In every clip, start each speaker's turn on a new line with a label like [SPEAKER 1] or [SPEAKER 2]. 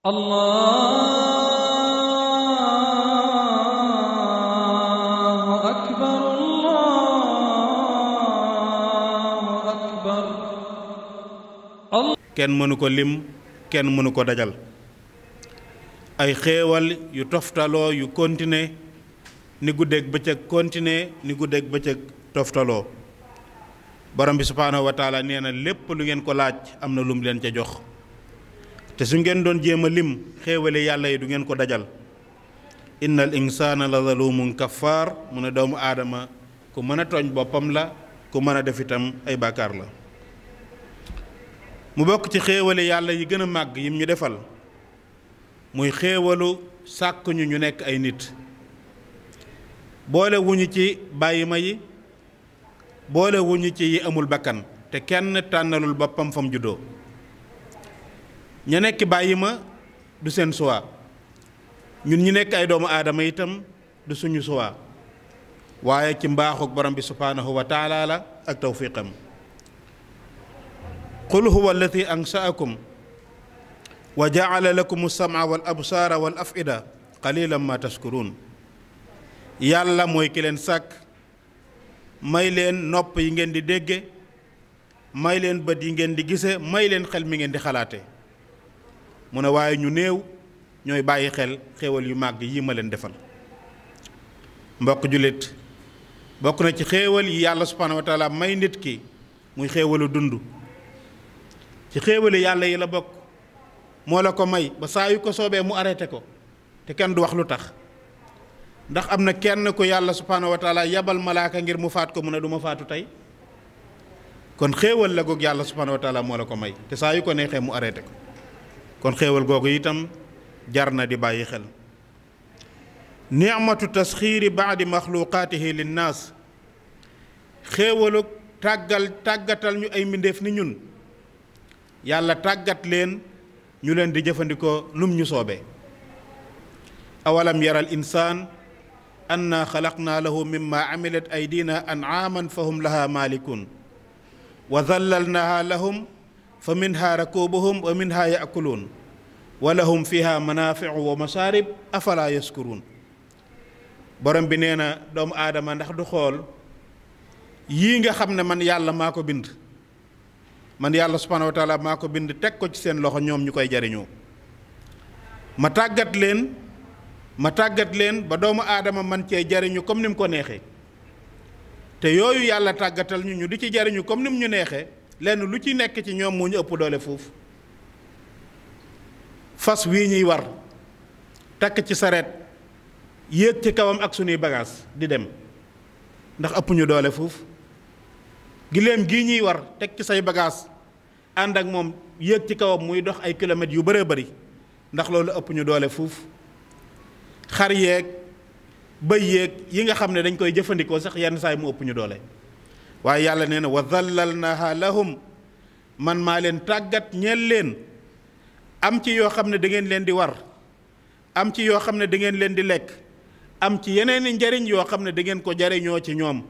[SPEAKER 1] الله أكبر الله kenn mënu ko lim kenn mënu ko dajal ay xéewal yu toftaloo yu continuer ni guddeeg bëccëg continuer ni guddeeg bëccëg toftaloo borom bi subhaanahu wa taala nee na lépp lu ngeen ko laaj am na lum leen ca jox te su ngeen doon jéem a lim xéewale yàlla yi du ngeen ko dajal innal insaana la zalumun kaffaar mu ne doomu aadama ku mën a tooñ boppam la ku mën a def itam ay bàkkaar la mu bokk ci xéewale yàlla yi gën a màgg yim ñu defal muy xéewalu sàkk ñu ñu nekk ay nit boole wuñu ci bàyyi ma yi boole wuñu ci yi amul bakkan te kenn tànnalul boppam fam juddoo ña nekk bàyyi ma du seen suwaa ñun ñu nekk ay doomu aadama itam du suñu suwaa waaye ci mbaaxug borom bi subhaanahu wa taala la ak tawfiqam qul huwa allati ansaakum wa jaala lakum alsama wal absaara wal afida qalilan ma tashkurun yàlla mooy ki leen sàkk may leen nopp yi ngeen di dégge may leen bët yi ngeen di gise may leen xel mi ngeen di xalaate mu ne waaye ñu néew ñooy bàyyi xel xéewal yu màgg yi ma leen defal mbokk jullit bokk na ci xéewal yi yàlla subhaanahu wa may nit ki muy xéewalu dund ci xéewali yàlla yi la bokk moo la ko may ba saa yu ko soobee mu arrêté ko te kenn du wax lu tax ndax am na kenn ku yàlla subhaanahu wa taala yabal malaaka ngir mu faat ko mu ne du ma faatu tey kon xéewal la goog yàlla subhaanahu wa taala moo la ko may te saa yu ko neexee mu arrêté ko kon xéewal googu itam jar na di bàyyi xel nicmatu tasxiiri baadi maxluqaatihi linnaas xéewalug tàggal tàggatal ñu ay mbindéef ni ñun yàlla tàggat leen ñu leen di jëfandikoo lum ñu soobe awalam yaral al insaan anna xalaqnaa lahu mimma amilat aydina ancaaman fa hum laha maalikun wa dallalnaha lahum fa minha rakubuhum wa minha yaakuluun wa lahum fiha manaafiu wa masaarib afala yaskuruun borom bi nee na doomu aadama ndax du xool yii nga xam ne man yàlla maa ko bind man yàlla subhaanahu wa maa ko bind teg ko ci seen loxo ñoom ñu koy jariñoo ma tàggat leen ma tàggat leen ba doomu aadama man cee jariñu comme ni mu ko neexee te yooyu yàlla tàggatal ñu ñu di ci jariñu comme ni mu ñu neexee lenn lu ci nekk ci ñoom moo ñu ëpp doole foofu fas wii ñuy war takk ci sareet yéeg ci kawam ak sunuy bagaas di dem ndax ëpp ñu doole foofu giléem gii ñuy war teg ci say bagaas ànd ak moom yéeg ci kawam muy dox ay kilomètres yu bëree bëri ndax loolu ëpp ñu doole foofu xar yeeg bëy yéeg yi nga xam ne dañ koy jëfandikoo sax yenn saay mu ëpp ñu doole waaye yàlla nee na wa zallalnaha lahum man maa leen tàggat ñeel leen am ci yoo xam ne da leen di war am ci yoo xam ne da leen di lekk am ci yeneen i njariñ yoo xam ne da ko jariñoo ci ñoom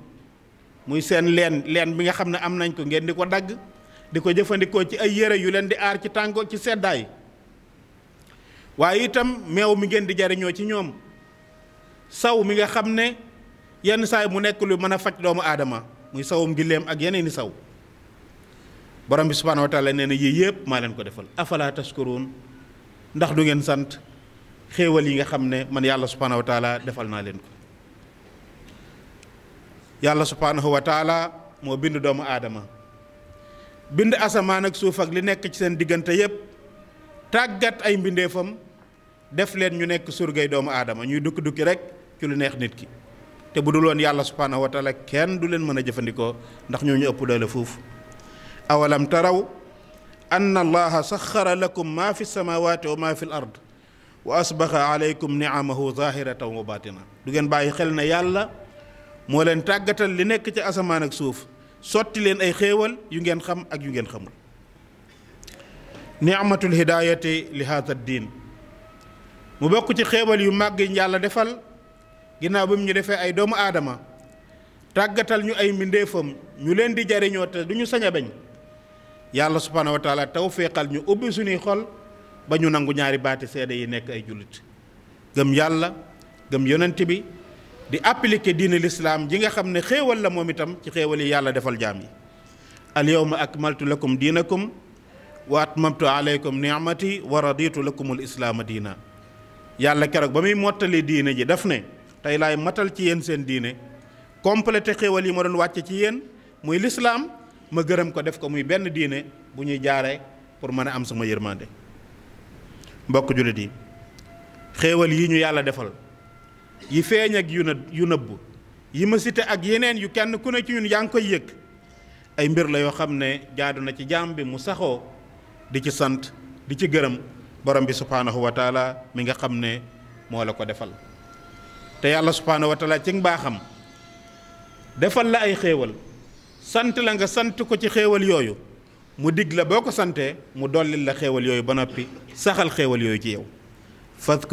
[SPEAKER 1] muy seen leen leen bi nga xam ne am nañ ko ngeen di ko dagg di ko jëfandikoo ci ay yére yu leen di aar ci tàngoor ci seddaay waaye itam meew mi ngeen di jariñoo ci ñoom saw mi nga xam ne yenn saay mu nekk lu mën a faj doomu aadama muy sawum giléem ak yeneen i saw borom bi subhaanahu nee na yii yëpp maa leen ko defal afalaat tashkuruun ndax du ngeen sant xéewal yi nga xam ne man yàlla subhaanahu wa defal naa leen ko yàlla subhaanahu moo bind doomu aadama bind asamaan ak suuf ak li nekk ci seen diggante yëpp tàggat ay mbindeefam def leen ñu nekk surgay doomu aadama ñuy dukki dukki rek ci lu neex nit ki te bu dul woon yàlla subhaanahu kenn du leen mën a jëfandikoo ndax ñoo ñu ëpp doole fuuf awalam taraw anna allaha saxara lakum maa fi samawati wa maa fi l ard wa asbaxa aleykum niamahu zahiratan wa batina du ngeen bàyyi xel na yàlla moo leen tàggatal li nekk ci asamaan ak suuf sotti leen ay xeewal yu ngeen xam ak yu ngeen xamul niamatul hidayati li haada diin mu bokk ci xéewal yu màgg yi yàlla defal ginnaaw bi mu ñu defee ay doomu aadama tàggatal ñu ay mbindéefam ñu leen di jariñoo te du ñu sañ a bañ yàlla subhaanahu wa taala taw féexal ñu ubbi suñuy xol ba ñu nangu ñaari baati seede yi nekk ay jullit gëm yàlla gëm yonent bi di appliquer diine lislaam ji nga xam ne xéewal la moom itam ci xéewal yi yàlla defal jaam yi al yawma akmaltu lakum diinakum wa atmamtu aleykum ni'mati wa raditu lakum al islaama diina yàlla keroog ba muy mottali diine ji daf ne tey laay matal ci yéen seen diine complété xéewal yi ma doon wàcce ci yéen muy lislaam ma gërëm ko def ko muy benn diine bu ñuy jaaree pour mën a am sama yërmande mbokk jullit yi xéewal yi ñu yàlla defal yi feeñ ak yu yu nëbb yi ma cité ak yeneen yu kenn ku ne ci ñun yaa ngi koy yëg ay mbir la yoo xam ne jaadu na ci jaam bi mu saxoo di ci sant di ci gërëm borom bi subhaanahu wa taala mi nga xam ne moo la ko defal te yàlla subhaanahu wa taala ci mbaaxam defal la ay xéewal sant la nga sant ko ci xéewal yooyu mu dig la boo ko santee mu dolli la xéewal yooyu ba noppi saxal xéewal yooyu ci yow was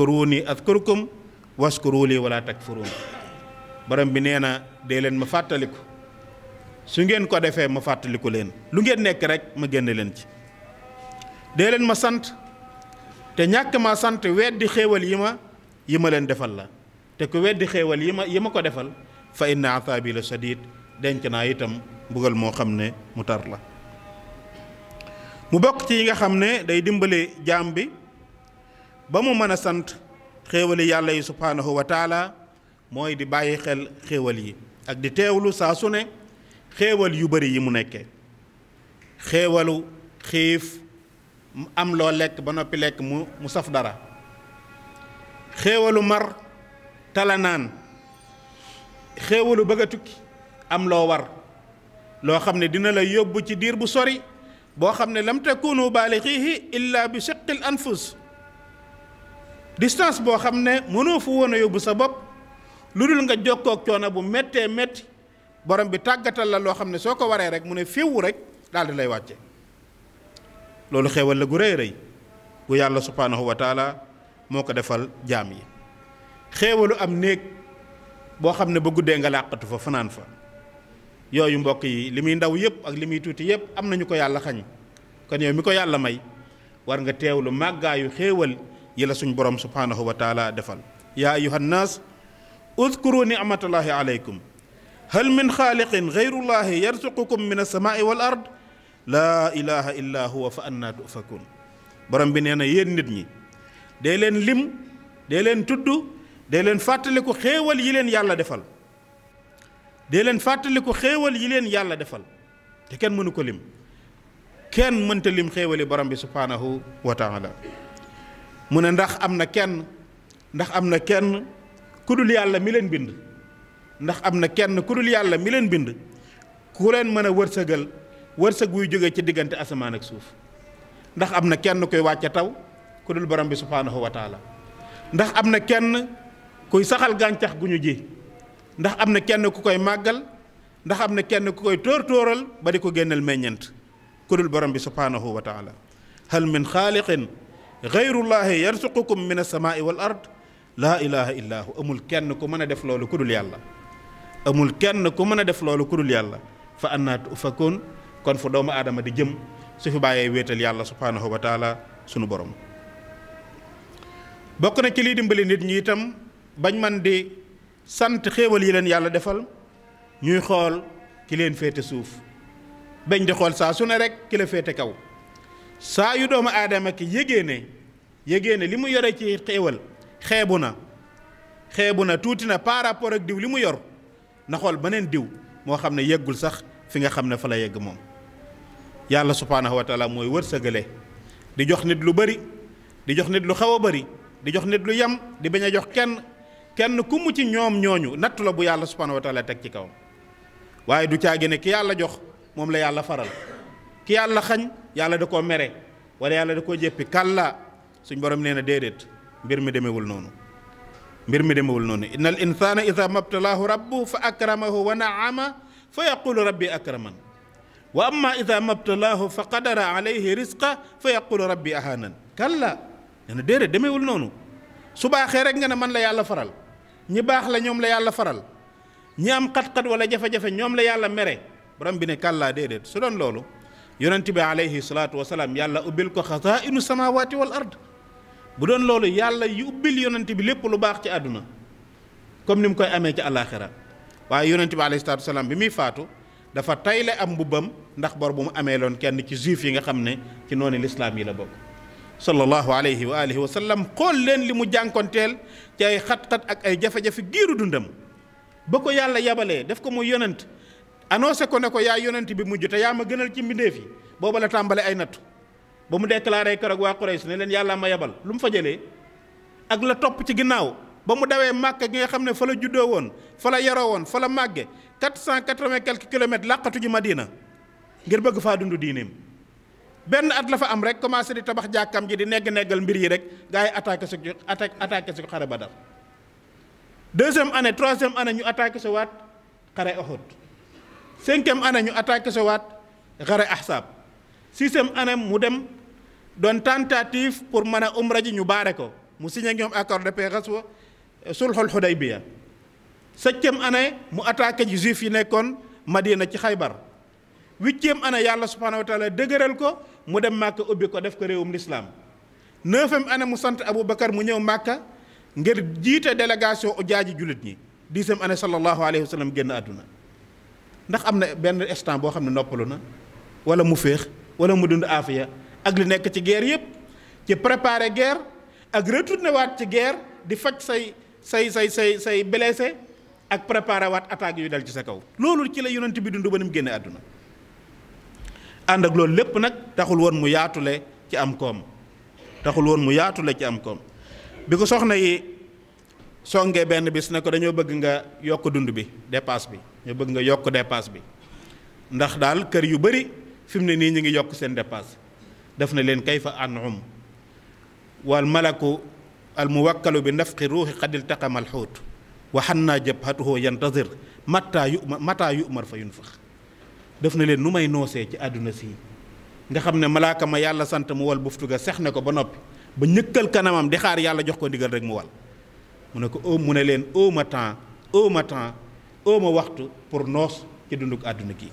[SPEAKER 1] adkurkum waskuru li wala takfurun borom bi nee na dee leen ma fàttaliku su ngeen ko defee ma fàttaliku leen lu ngeen nekk rek ma génne leen ci dee leen ma sant te ñàkk ma sant weddi xéewal yi ma yi ma leen defal la te ku weddi xéewal yi ma yi ma ko defal fa inna athabi la shadid denc naa itam mbugal moo xam ne mu tar la mu bokk ci yi nga xam ne day dimbale jaam bi ba mu mën a sant xéewali yàlla yi subhaanahu wa taala mooy di bàyyi xel xéewal yi ak di teewlu saa su ne xéewal yu bari yi mu nekke xéewalu xiif am loo lekk ba noppi lekk mu saf dara xéewalu mar tala naan xéewalu bëgg a tukki am loo war loo xam ne dina la yóbbu ci diir bu sori boo xam ne lam takunu baalixiihi illa bi shiqqil anfus distance boo xam ne mënoo fu woon a yóbbu sa bopp lu dul nga jokkoog coono bu mettee metti borom bi tàggatal la loo xam ne soo ko waree rek mu ne fiwu rek daal di lay wàcce loolu xéewal la gu rëy rëy gu yàlla subhaanahu wa moo ko defal jaam yi xéewalu am néeg boo xam ne ba guddee nga làqatu fa fanaan fa yooyu mbokk yi li muy ndaw yëpp ak li muy tuuti yëpp am nañu ko yàlla xañ kon yow mi ko yàlla may war nga teew lu màggaayu xéewal yi la suñ borom subhaanahu wa defal yaa ayuha nnaas udkuru nicmatullahi aleykum hal min xaaliqin gayrullahi yarzuqukum min alsamaai wal ard laa ilaha illa huwa fa anna tufakun borom bi nee na yéen nit ñi dee leen lim dee leen tudd dee leen fàttaliku xéewal yi leen yàlla defal dee leen fàttaliku xéewal yi leen yàlla defal te kenn mënu ko lim kenn mënta lim xéewali borom bi subhaanahu wa taala mu ne ndax am na kenn ndax am na kenn ku dul yàlla mi leen bind ndax am na kenn ku dul yàlla mi leen bind ku leen mën a wërsëgal wërsëg wuy jóge ci diggante asamaan ak suuf ndax am na kenn kuy wàcce taw ku dul borom bi subhaanahu wa taala ndax am na kenn kuy saxal gàncax gu ñu ji ndax am na kenn ku koy màggal ndax am na kenn ku koy tóor tóoral ba di ko génneel meññent ku dul borom bi subhaanahu wa taala hal min xaaliqin gayrullahi yarsuqukum min alsamaai wal ard laa ilaha illa hu amul kenn ku mën a def loolu ku dul yàlla amul kenn ku mën a def loolu ku dul yàlla fa annaa tufakoon kon fu doomu aadama di jëm su fi bàyyee wéetal yàlla subhaanahu wa taala sunu borom bokk na ci liy dimbali nit ñi itam bañ man di sant xéewal yi leen yàlla defal ñuy xool ki leen féete suuf bañ di xool saa su ne rek ki la féete kaw saa yu doomu aadama ki yégée ne yégée ne li mu yore ci xeewal xeebu na xeebu na tuuti na par rapport ak diw li mu yor na xool beneen diw moo xam ne yeggul sax fi nga xam ne fa la yegg moom yàlla subhaanahu mooy wër mooy wërsëgale di jox nit lu bari di jox nit lu xaw a bari di jox nit lu yem di bañ a jox kenn kenn ku mu ci ñoom ñooñu natt la bu yàlla subhanahu wa taala teg ci kawam waaye du caagi ne ki yàlla jox moom la yàlla faral ki yàlla xañ yàlla da koo mere wala yàlla da koo jéppi kàlla suñ borom nee na déedéet mbir mi demewul noonu mbir mi demewul noonu inna al insana ida mabtalaahu fa akramahu wa naama fa yaqulu rabbi akraman wa amma ida mabtalaahu fa qadara alayhi risqa fa yaqulu rabbi ahanan kàlla nee na déedéet demewul noonu su baaxee rek nga ne man la yàlla faral ñi baax la ñoom la yàlla faral ñi am xat-xat wala jafe-jafe ñoom la yàlla mere borom bi ne kàllaa déedéet su doon loolu yonent bi aleyhi salaatu wasalaam yàlla ubbil ko xazaa'inu samaawaati wal ard bu doon loolu yàlla yu ubbil yonent bi lépp lu baax ci àdduna comme ni mu koy amee ci àllaaxira waaye yonent bi aleyhi salaatu wasalaam bi muy faatu dafa tayle am mbubbam ndax bor bu mu amee loon kenn ci juif yi nga xam ne ci noonu lislaam yi la bokk sallallahu alayhi wa alihi wa sallam xool leen li mu jànkonteel ci ay xat-xat ak ay jafe-jafe giiru dundam boo ko yàlla yabalee def ko muy yonent annoncé ko ne ko yaa yonent bi mujj te yaa ma gënal ci mbindeef yi booba la tàmbale ay nattu ba mu déclaré keroog waa Quraysh ne leen yàllaa ma yabal lu mu fa jëlee ak la topp ci ginnaaw ba mu dawee màkk gi nga xam ne fa la juddoo woon fa la yaroo woon fa la màgge quatre cent quatre-vingt quelques kilomètres làqatu ji Madina ngir bëgg faa dund diineem benn at la fa am rek commencé di tabax jàkkam ji di negg-neggal mbir yi rek gars yi attaqué su attaqué attaqué su xare Badar deuxième année troisième année ñu attaqué sa waat xare Uhud cinquième année ñu attaqué sa waat xare Ahsaab sixième année mu dem doon tentative pour mën a umra ji ñu baare ko mu signé ñoom accord de paix xaswa sulhul Hudaybiya septième année mu attaqué ji juif yi nekkoon Madina ci Xaybar huitième année yàlla subhaanahu wa taala dëgëral ko mu dem màkka ubbi ko def ko réewum lislaam neuvième année mu sant abu Aboubacar mu ñëw màkk ngir jiite délégation ujaaji jullit ñi dixième année sallallahu alayhi wa sallam génn àdduna ndax am na benn instant boo xam ne noppalu na wala mu féex wala mu dund aafiya ak li nekk ci guerre yëpp ci préparer guerre ak retourné waat ci guerre di faj say say say say say blessé ak préparer waat attaque yu dal ci sa kaw loolu ci la yonent bi dund ba ni mu génne àdduna ànd ak loolu lépp nag taxul woon mu yaatule ci am koom taxul woon mu yaatule ci am koom bi ko soxna yi songee benn bis ne ko dañoo bëgg nga yokk dund bi dépasse bi ñoo bëgg nga yokk dépasse bi ndax daal kër yu bari fi mu ne nii ñu ngi yokk seen dépasse def na leen kay kayfa anhum wal malaku al muwakkalu bi nafqi ruuxi qad iltaqama naa wa xannaa jabhatuhu yantazir mataa yu mataa yumar fa yunfax def na leen nu may noosee ci àdduna si nga xam ne malaaka ma yàlla sant mu wal buftu ga sex ne ko ba noppi ba ñëkkal kanamam di xaar yàlla jox ko ndigal rek mu wal mu ne ko oo oh, mu ne leen oo oh, ma temps oo oh, ma temps oo ma waxtu pour noos ci dunduk àdduna gi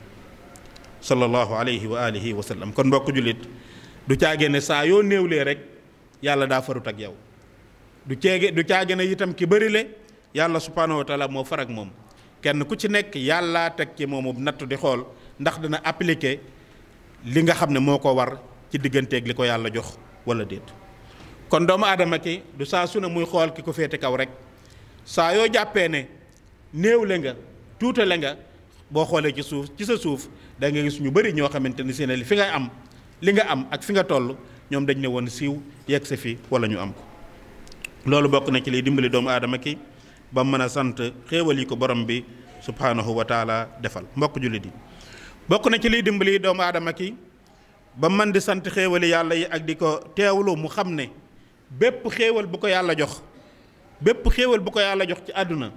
[SPEAKER 1] sallallahu alayhi wa alihi wa sallam kon mbokk jullit du caage ne saa yoo néew néewlee rek yàlla daa farut ak yow du ceege du caage ne itam ki bëri le yàlla subhanahu wa taala moo far ak moom kenn ku ci nekk yàllaa teg ci moomu nattu di xool ndax dana appliquer li nga xam ne moo ko war ci diggante digganteeg li ko yàlla jox wala déet kon doomu aadama ki du saa su ne muy xool ki ko féete kaw rek saa yoo jàppee ne néew le nga tuutale nga boo xoolee ci suuf ci sa suuf da nga gis ñu bëri ñoo xamante ni seen li fi nga am li nga am ak fi nga toll ñoom dañ ne woon siiw yegg sa fi wala ñu am ko loolu bokk na ci liy dimbali doomu aadama ki ba mën a sant xéewal yi ko borom bi subhaanahu wa taala defal mbokk jullit yi bokk na ci liy dimbali doomu aadama ki ba man di sant xéewali yàlla yi ak di ko teewlu mu xam ne bépp xéewal bu ko yàlla jox bépp xéewal bu ko yàlla jox ci àdduna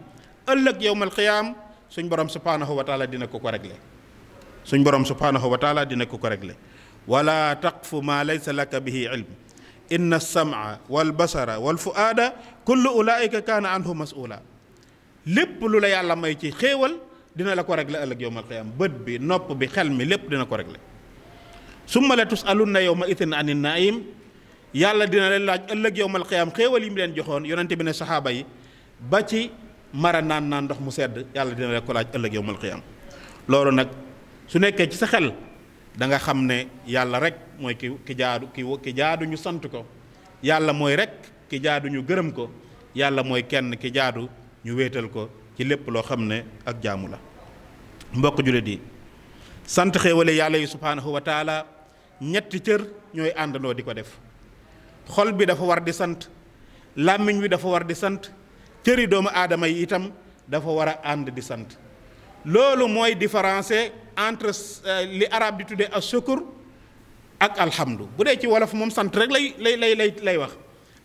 [SPEAKER 1] ëllëg yowmal xiyaam suñ borom subhaanahu wa taala dina ko ko réglé suñ borom subhaanahu wa taala dina ko ko réglé wala taqfu ma laysa laka bihi ilm inna as-sam'a wal basara wal fu'aada kullu ulaa'ika kaana anhu mas'uula lépp lu la yàlla may ci xéewal dina la ko régler ëllëg yowmal qiyaam bët bi nopp bi xel mi lépp dina ko régler summa la tusalunna yawma idin ani naim yàlla dina leen laaj ëllëg yowmal qiyaam xéewal yi mu leen joxoon yonente bi ne saxaaba yi ba ci mara naan naan ndox mu sedd yàlla dina leen ko laaj ëllëg yowmal qiyaam loolu nag su nekkee ci sa xel danga xam ne yàlla rek mooy ki ki jaadu ki ki jaadu ñu sant ko yàlla mooy rek ki jaadu ñu gërëm ko yàlla mooy kenn ki jaadu ñu wéetal ko ci lépp loo xam ne ak jaamu la mbokk jullit di sant xéewale yàlla yi subhaanahu wa taala ñetti cër ñooy àndandoo di ko def xol bi dafa war di sant làmmiñ wi dafa war di sant cëri doomu aadama yi itam dafa war a ànd di sant loolu mooy différence entre euh, li arab di tuddee ashukur ak alhamdu bu dee ci wolof moom sant rek lay lay lay lay wax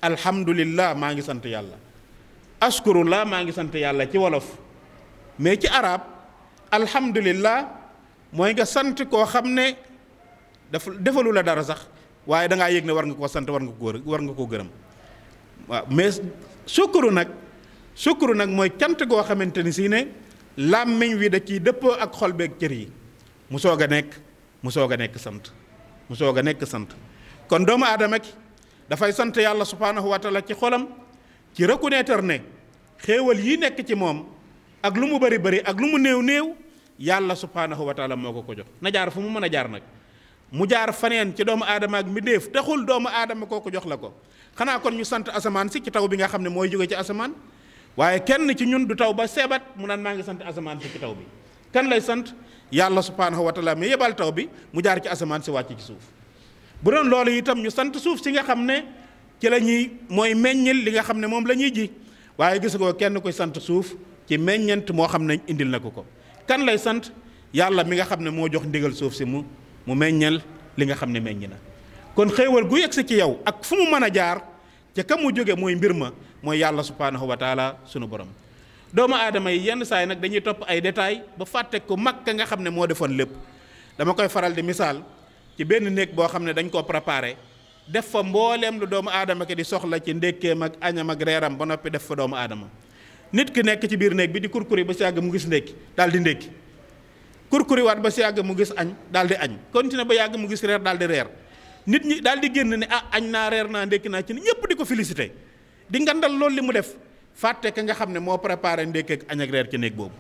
[SPEAKER 1] alhamdulillah maa ngi sant yàlla la maa ngi sant yàlla ci wolof mais ci araab alhamdulillah mooy nga sant koo xam ne daf defalu la dara sax waaye da ngaa yëg ne war nga koo sant war nga koo war nga koo gërëm waaw mais sukkuru nag sukkuru nag mooy cant goo xamante ni si ne làmmiñ wi da ciy dëppoo ak xol beeg cër yi mu soog a nekk mu soog a nekk sant mu soog a nekk sant kon doomu aadama ki dafay sant yàlla subhaanahu wa taala ci xolam ci reconnaître ne xéewal yi nekk ci moom ak lu mu bari bari ak lu mu néew néew yàlla subhaanahu wa taala moo ko ko jox na jaar fu mu mën a jaar nag mu jaar faneen ci doomu aadama ak mi mbindéef taxul doomu koo ko jox la ko xanaa kon ñu sant asamaan si ci taw bi nga xam ne mooy jóge ci asamaan waaye kenn ci ñun du taw ba seebat mu naan maa ngi sant asamaan ci taw bi kan lay sant yàlla subhaanahu wa taala mais yebal taw bi mu jaar ci asamaan si wàcc ci suuf bu doon loolu itam ñu sant suuf si nga xam ne ci la ñuy mooy meññil li nga xam ne moom la ñuy ji waaye gis nga kenn koy sant suuf ci meññent moo xam ne indil na ko ko kan lay sant yàlla mi nga xam ne moo jox ndigal suuf si mu mu meññeel li nga xam ne meññ na kon xéewal gu yegsi ci yow ak fu mu mën a jaar ca ka mu jóge mooy mbir ma mooy yàlla subhaanahu wa taala sunu borom doomu aadama yi yenn saa yi nag dañuy topp ay détails ba fàtte ko mag ka nga xam ne moo defoon lépp dama koy faral di misaal ci benn néeg boo xam ne dañ koo préparé def fa mbooleem lu doomu aadama ki di soxla ci ndékkeem ak añam ak reeram ba noppi def fa doomu aadama nit ki nekk ci biir néeg bi di kurkuri ba si yàgg mu gis ndékki daal di ndékki kurkuri waat ba si yàgg mu gis añ daal di añ continué ba yàgg mu gis reer daal di reer nit ñi daal di génn ne ah añ naa reer naa ndékki naa ci ne ñëpp di ko félicité di ngandal loolu li mu def fàtte ka nga xam ne moo préparé ndékki ak añ ak reer ci néeg boobu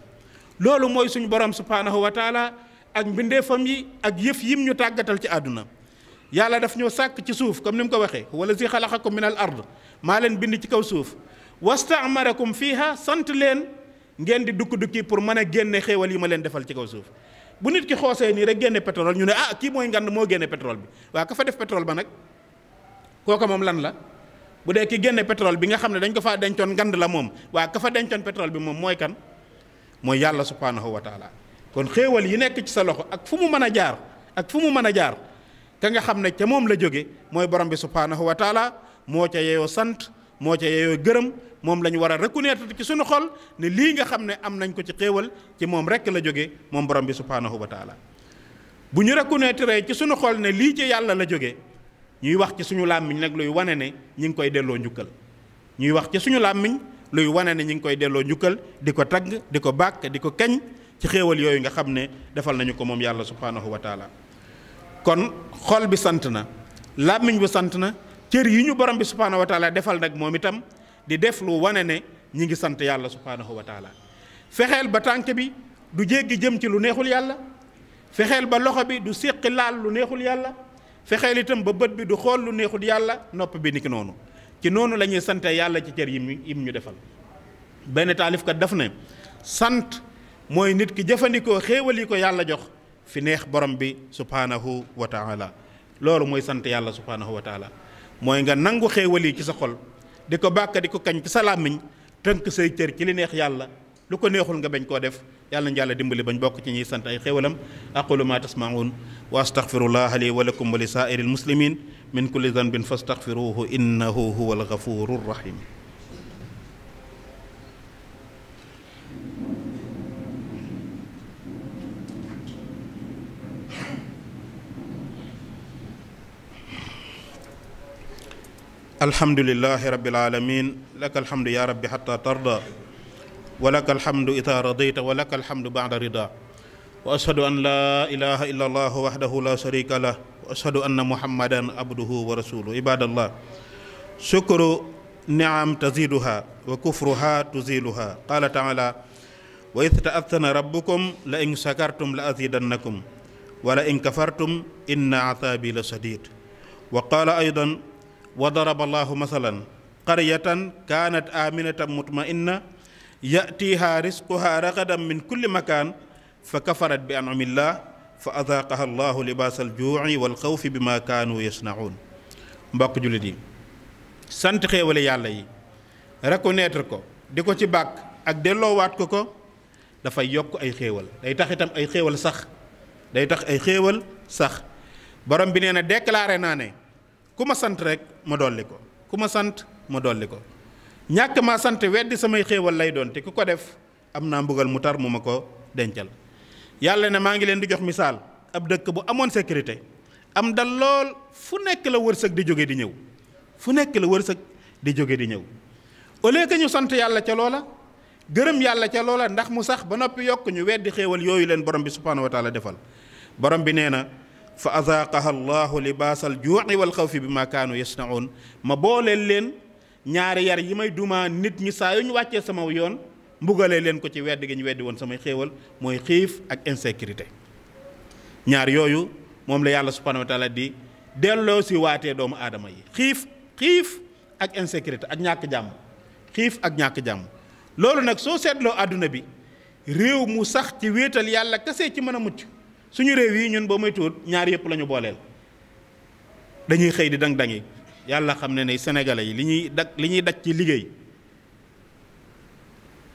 [SPEAKER 1] loolu mooy suñu borom subhaanahu wa taala ak mbindeefam yi ak yëf yim ñu tàggatal ci àdduna yàlla daf ñoo sàkk ci suuf comme ni mu ko waxee wala si xalaxakum min al ard maa leen bind ci kaw suuf fii fiiha sant leen ngeen di dukki-dukki pour mën a génne xéewal yi ma leen defal ci kaw suuf bu nit ki xoosee nii rek génne pétrole ñu ne ah kii mooy ngand moo génne pétrole bi waaw ka fa def pétrole ba nag kooka moom lan la bu dee ki génne pétrole bi nga xam ne dañ ko faa dencoon ngande la moom waaw ka fa dencoon pétrole bi moom mooy kan mooy yàlla subhaanahu wa taala kon xéewal yi nekk ci sa loxo ak fu mu mën a jaar ak fu mu mën a jaar ka nga xam ne ca moom la jóge mooy borom bi subhaanahu wa taala moo ca yeyoo sant moo ca yeyoo gërëm moom la ñu war a reconnaître ci suñu xol ne lii nga xam ne am nañ ko ci xéewal ci moom rek la jóge moom borom bi subhaanahu wa taala bu ñu reconnaître ci suñu xol ne lii ci yàlla la jóge ñuy wax ci suñu làmmiñ nag luy wane ne ñi ngi koy delloo njukkal ñuy wax ci suñu làmmiñ luy wane ne ñi ngi koy delloo njukkal di ko tagg di ko bàkk di ko kañ ci xéewal yooyu nga xam ne defal nañu ko moom yàlla subhaanahu wa taala kon xol bi sant na làmmiñ bi sant na cër yi ñu borom bi subhaanahu wa defal nag moom itam di def lu wane ne ñu ngi sant yàlla subhaanahu wa fexeel ba tànk bi du jéggi jëm ci lu neexul yàlla fexeel ba loxo bi du séqi laal lu neexul yàlla fexeel itam ba bët bi du xool lu neexul yàlla nopp bi niki noonu ci noonu la ñuy sante yàlla ci cër yim yim ñu defal benn taalifkat daf ne sant mooy nit ki jëfandikoo xéewal yi ko yàlla jox fi neex borom bi subhaanahu wa taala loolu mooy sant yàlla subhaanahu wa taala mooy nga nangu xéewal yi ci sa xol di ko bàkk di ko kañ ci sa làmmiñ tënk say cër ci li neex yàlla lu ko neexul nga bañ koo def yàlla na yàlla dimbali bañ bokk ci ñuy sant ay xéewalam aqulu ma tasmaun wa astaghfirullaha li wa lakum wa li saa'iril muslimin min kulli dhanbin fastaghfiruhu innahu huwal ghafurur rahim alhamdulilahi rabbil alamin laka alhamdu ya rabbi hatta tarda wa laka alhamdu ida radayta wa laka alhamdu bada rida wa ashhadu an la ilaha illa allah wahdahu la sharika lah wa ashhadu anna muhammadan abduhu wa rasuluhu ibadallah shukru niam taziduha wa kufruha tuziluha qala taala wa id taadana rabbukum la in shakartum la azidannakum wa la in kafartum inna azabi la shadid wa qala aydan wa daraba allahu masalan qaryatan kaanat aminatan mutma'inna yatiiha risquha ragadan min kulli makaan fa kafarat bi anamillah fa azaaqaha allahu libaasal juuci wal xawfi bi ma kaanu yasnaun mbokk jullit yi sant xéewale yàlla yi reconnaître ko di ko ci bàkk ak delloowaat ko ko dafay yokk ay xéewal day taxitam ay xéewal sax day tax ay xéewal sax borom bi nee na déclaré naa ne ku ma sant rek ma dolli ko ku ma sant ma dolli ko ñàkk maa sant weddi samay xéewal lay doon te ku ko def am naa mbugal mu tar mu ma ko dencal yàlla ne maa ngi leen di jox misaal ab dëkk bu amoon sécurité am dal lool fu nekk la wërsëg di jóge di ñëw fu nekk la wërsëg di jóge di ñëw au lieu ñu sant yàlla ca loola gërëm yàlla ca loola ndax mu sax ba noppi yokk ñu weddi xéewal yooyu leen borom bi subhaanahu wa taala defal borom bi nee na fa azaaqaha allahu libaasal juuci wal xawfi bi ma kaanu yasnaun ma booleel leen ñaari yar yi may dumaan nit ñi saa yu ñu wàccee sama yoon mbugalee leen ko ci wedd gi ñu weddi woon samay xéewal mooy xiif ak insécurité ñaar yooyu moom la yàlla subhanahu wa di delloo si waatee doomu aadama yi xiif xiif ak insécurité ak ñàkk jàmm xiif ak ñàkk jàmm loolu nag soo seetloo àdduna bi réew mu sax ci wéetal yàlla kese ci mën a mucc suñu réew yi ñun ba muy ñaar yëpp lañu ñu booleel dañuy xëy di dang dangi yàlla xam ne ne sénégalais yi li ñuy dag li ñuy daj ci liggéey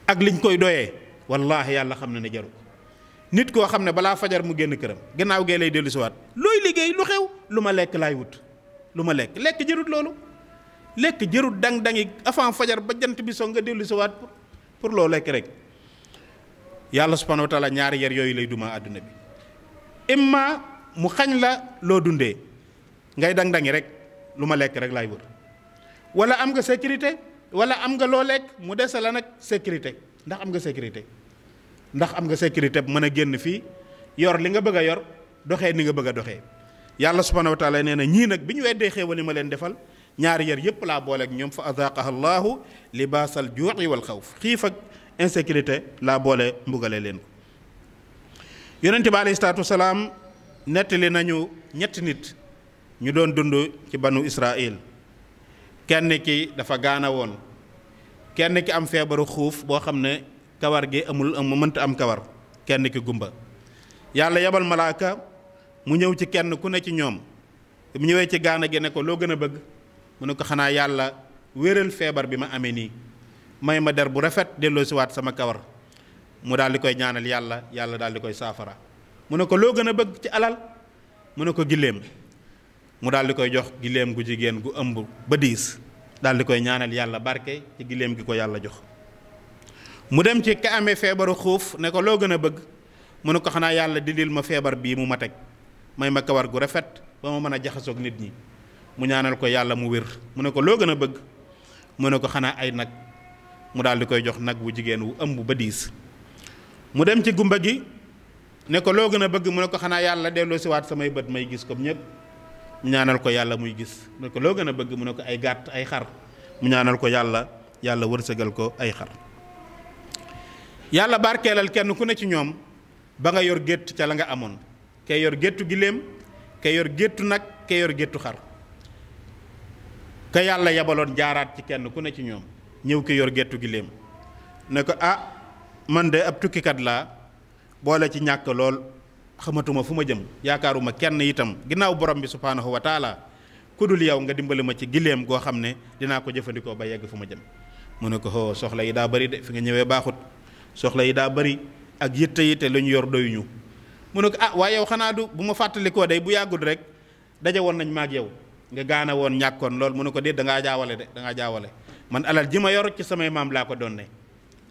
[SPEAKER 1] ak liñ koy doyee wallaahi yàlla xam ne ne jaru nit koo xam ne balaa fajar mu génn këram gannaaw gee lay dellu siwaat looy liggéey lu xew lu ma lekk laay wut lu ma lekk lekk jërut loolu lekk jërut dang dangi avant fajar ba jant bi soo nga dellu siwaat pour pour loo lekk rek yàlla subhanahu wa ñaari yar yooyu lay duma àdduna bi imma mu xañ la loo dundee ngay dang-dangi rek lu ma lekk rek laay wër wala am nga sécurité wala am nga loo lekk mu dese la nag sécurité ndax am nga sécurité ndax am nga sécurité bu mën a génn fii yor li nga bëgg a yor doxee ni nga bëgg doxee yàlla subhanahu wa taala nee na ñii nag bi ñu weddee xéewal yi ma leen defal ñaari yor yëpp laa booleeg ñoom fa azaqaha allahu libaasal juu'i wal xawf xiif ak insécurité laa boole mbugale leen ko yonente bi alayhi salaatu wasalaam nettali nañu ñetti nit ñu doon dund ci banu Israil kenn ki dafa gaana woon kenn ki am feebaru xuuf boo xam ne kawar gi amul am mënta am kawar kenn ki gumba yàlla yebal malaaka mu ñëw ci kenn ku ne ci ñoom mu ñëwee ci gaana gi ne ko loo gën a bëgg mu ne ko xanaa yàlla wéral feebar bi ma amee nii may ma der bu rafet delloo siwaat sama kawar mu daal di koy ñaanal yàlla yàlla daal di koy saafara mu ne ko loo gën a bëgg ci alal mu ne ko giléem mu daal di koy jox giléem gu jigéen gu ëmb ba diis daal di koy ñaanal yàlla barke ci giléem gi ko yàlla jox mu dem ci ka feebaru xuuf ne ko loo gën a bëgg mu ne ko xanaa yàlla di dindil ma feebar bii mu ma teg may ma kawar gu rafet ba ma mën a jaxasoog nit ñi mu ñaanal ko yàlla mu wér mu ne ko loo gën a bëgg mu ne ko xanaa ay nag mu daal di koy jox nag wu jigéen wu ba diis mu dem ci gumba gi ne ko loo gën a bëgg mu ne ko xanaa yàlla delloo si waat samay bët may gis comme ñëpp ñaanal ko yàlla muy gis mu ne ko loo gën a bëgg mu ne ko ay gàtt ay xar mu ñaanal ko yàlla yàlla wërsëgal ko ay xar yàlla barkeelal kenn ku ne ci ñoom ba nga yor gétt ca la nga amoon kee yor géttu giléem kee yor géttu nag kee yor géttu xar ka yàlla yebaloon jaaraat ci kenn ku ne ci ñoom ñëw ki yor géttu giléem ne ko ah man de ab tukkikat laa boole ci ñàkk lool xamatuma fu ma jëm yaakaaruma kenn itam ginnaaw borom bi subhaanahu wa taala ku dul yow nga dimbali ma ci gileem goo xam ne dinaa ko jëfandikoo ba yegg fu ma jëm mu ne ko xoo oh, soxla yi daa bëri de fi nga ñëwee baaxut soxla yi daa bëri ak yitte yitte lu ñu yor doyuñu mu ne ko ah waaye yow xanaa du bu ma fàttalikoo day bu yàggul rek daje woon nañ ma yow nga gaana woon ñàkkoon lool mu ne ko déet da ngaa jaawale de da ngaa man alal ji ma yor ci samay maam laa ko doon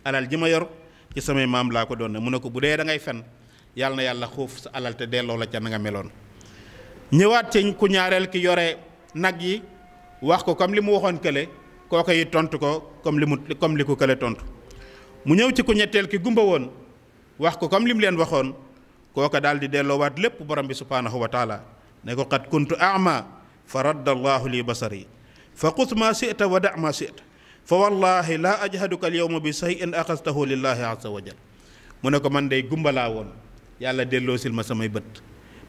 [SPEAKER 1] alal ji ma yor ci samay maam laa ko doon ne mu a ko bu dee da fen yàlla na yàlla xuuf sa alal te delloo la ca na nga meloon ñëwaat ci ku ñaareel ki yore nag yi wax ko comme li mu waxoon kële kooka yi tontu ko comme li mu comme li ko kële tontu mu ñëw ci ku ñetteel ki gumba woon wax ko comme li mu leen waxoon kooka daal di delloowaat lépp borom bi subhaanahu wa taala ne ko xat kuntu ama fa radda allahu li basari fa xus ma sita wa da ma sita fa wallahi laa ajhaduka al yawma bi shay'in axastahu lillahi azza wa jal mu ne ko man day gumbalaa woon yàlla delloo sil ma samay bët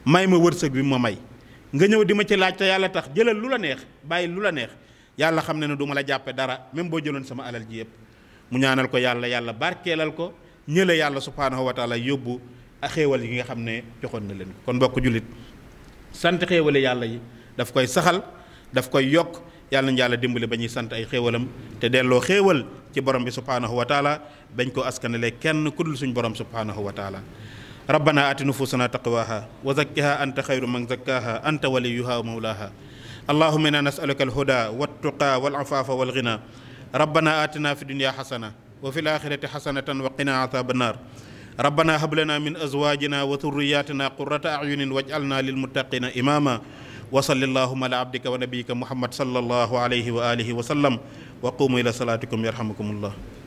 [SPEAKER 1] may ma wërsëg bi ma may nga ñëw di ma ci laaj te yàlla tax jëlal lu la neex bàyyi lu la neex yàlla xam ne ne duma la jàppe dara même boo jëloon sama alal ji yëpp mu ñaanal ko yàlla yàlla barkeelal ko ñële yàlla subhaanahu wa taala yóbbu a xéewal yi nga xam ne joxoon na leen ko kon bokk jullit sant xéewale yàlla yi daf koy saxal daf koy yokk yàlla nañu yàlla dimbali ba ñuy sant ay xéewalam te delloo xéewal ci borom bi subhaanahu wa taala bañ koo askanale kenn ku dul suñ borom subhaanahu wa taala rabbana aati nufuusana taqwaha wa zakkiha anta xayru man zakkaaha anta waliyuha wa mawlaaha allahuma inna nasaluka alhuda waltuqa walafaafa walghina rabbana aatina fi dunya xasana wa fi laaxirati xasanatan wa qina azaaba annaar rabbana hab min azwaajina wa dhurriyaatina qurrata ahyunin waj'alna lilmuttaqina wa salli allahuma ala abdika wa nabiyika muhammad sallallahu alayhi wa alihi wa sallam wa qumu ila salatikum yarhamukumullah